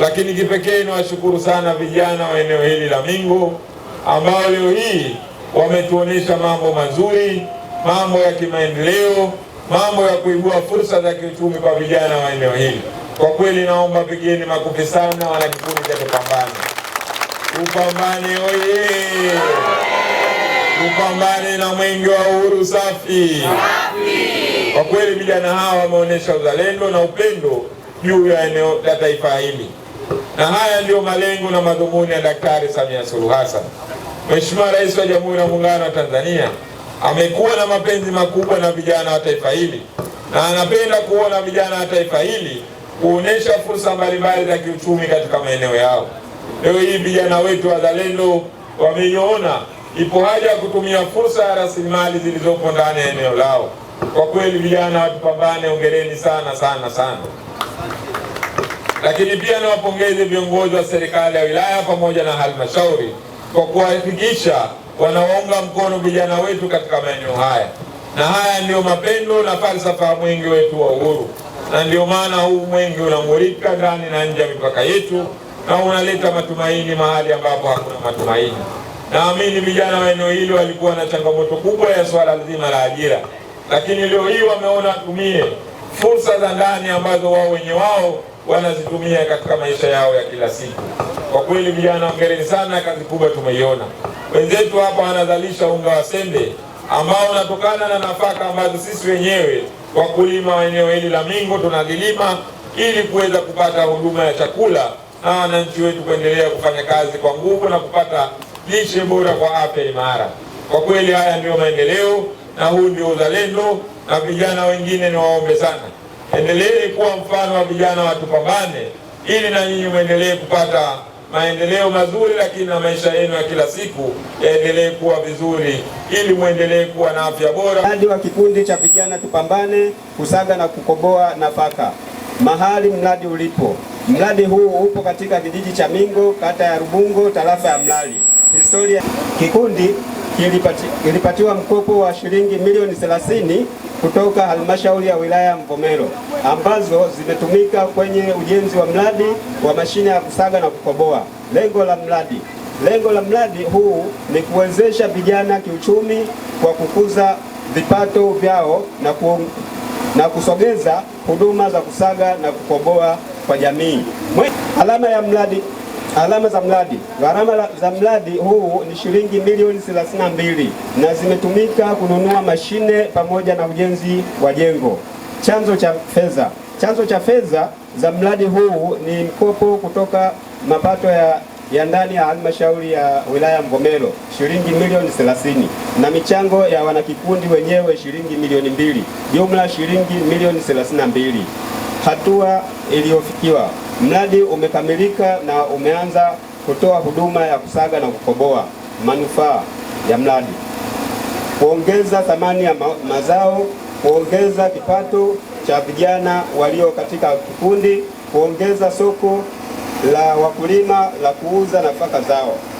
Lakini kipekee niwashukuru sana vijana wa eneo hili la mingo ambao leo hii wametuonesha mambo mazuri, mambo ya kimaendeleo, mambo ya kuibua fursa za kiuchumi kwa vijana wa eneo hili. Kwa kweli, naomba pigeni makofi sana kikundi cha Tupambane. Tupambane oye! Tupambane na mwenge wa uhuru safi! Kwa kweli, vijana hawa wameonyesha uzalendo na upendo juu ya eneo la taifa hili na haya ndiyo malengo na madhumuni ya Daktari Samia Suluhu Hassan. Mheshimiwa Rais wa Jamhuri ya Muungano wa Tanzania amekuwa na mapenzi makubwa na vijana wa taifa hili na anapenda kuona vijana wa taifa hili kuonesha fursa mbalimbali za kiuchumi katika maeneo yao. Leo hii vijana wetu wazalendo wameiona ipo haja ya kutumia fursa ya rasilimali zilizopo ndani ya eneo lao. Kwa kweli, vijana watupambane, ongereni sana sana sana. Lakini pia niwapongeze viongozi wa serikali ya wilaya pamoja na halmashauri kwa kuwafikisha wanawaunga mkono vijana wetu katika maeneo haya, na haya ndiyo mapendo na falsafa ya mwenge wetu wa uhuru, na ndio maana huu mwenge unamulika ndani na nje ya mipaka yetu na unaleta matumaini mahali ambapo hakuna matumaini. Naamini vijana wa eneo hili walikuwa na changamoto kubwa ya swala zima la ajira, lakini leo hii wameona tumie fursa za ndani ambazo wao wenye wao wanazitumia katika maisha yao ya kila siku. Kwa kweli, vijana, hongereni sana, kazi kubwa tumeiona. Wenzetu hapa wanazalisha unga wa sembe ambao unatokana na nafaka ambazo sisi wenyewe wakulima wa eneo hili la Mingo tunalilima ili kuweza kupata huduma ya chakula na wananchi wetu kuendelea kufanya kazi kwa nguvu na kupata lishe bora kwa afya imara. Kwa kweli, haya ndiyo maendeleo na huu ndio uzalendo, na vijana wengine ni waombe sana Endeleeni kuwa mfano wa vijana wa Tupambane ili na nyinyi mwendelee kupata maendeleo mazuri, lakini na maisha yenu ya kila siku yaendelee kuwa vizuri, ili mwendelee kuwa na afya bora. Mradi wa kikundi cha vijana Tupambane kusaga na kukoboa nafaka mahali mradi ulipo. Mradi huu upo katika kijiji cha Mingo, kata ya Rubungo, tarafa ya Mlali. Historia kikundi ilipati, ilipatiwa mkopo wa shilingi milioni 30 kutoka halmashauri ya wilaya Mvomero ambazo zimetumika kwenye ujenzi wa mradi wa mashine ya kusaga na kukoboa. Lengo la mradi lengo la mradi huu ni kuwezesha vijana kiuchumi kwa kukuza vipato vyao na, ku, na kusogeza huduma za kusaga na kukoboa kwa jamii. Alama ya mradi Alama za mradi. Gharama za mradi huu ni shilingi milioni 32 na zimetumika kununua mashine pamoja na ujenzi wa jengo. Chanzo cha fedha. Chanzo cha fedha za mradi huu ni mkopo kutoka mapato ya, ya ndani ya halmashauri ya wilaya Mvomero shilingi milioni 30 na michango ya wanakikundi wenyewe shilingi milioni mbili, jumla shilingi milioni 32. Hatua iliyofikiwa Mradi umekamilika na umeanza kutoa huduma ya kusaga na kukoboa. Manufaa ya mradi: kuongeza thamani ya mazao, kuongeza kipato cha vijana walio katika kikundi, kuongeza soko la wakulima la kuuza nafaka zao.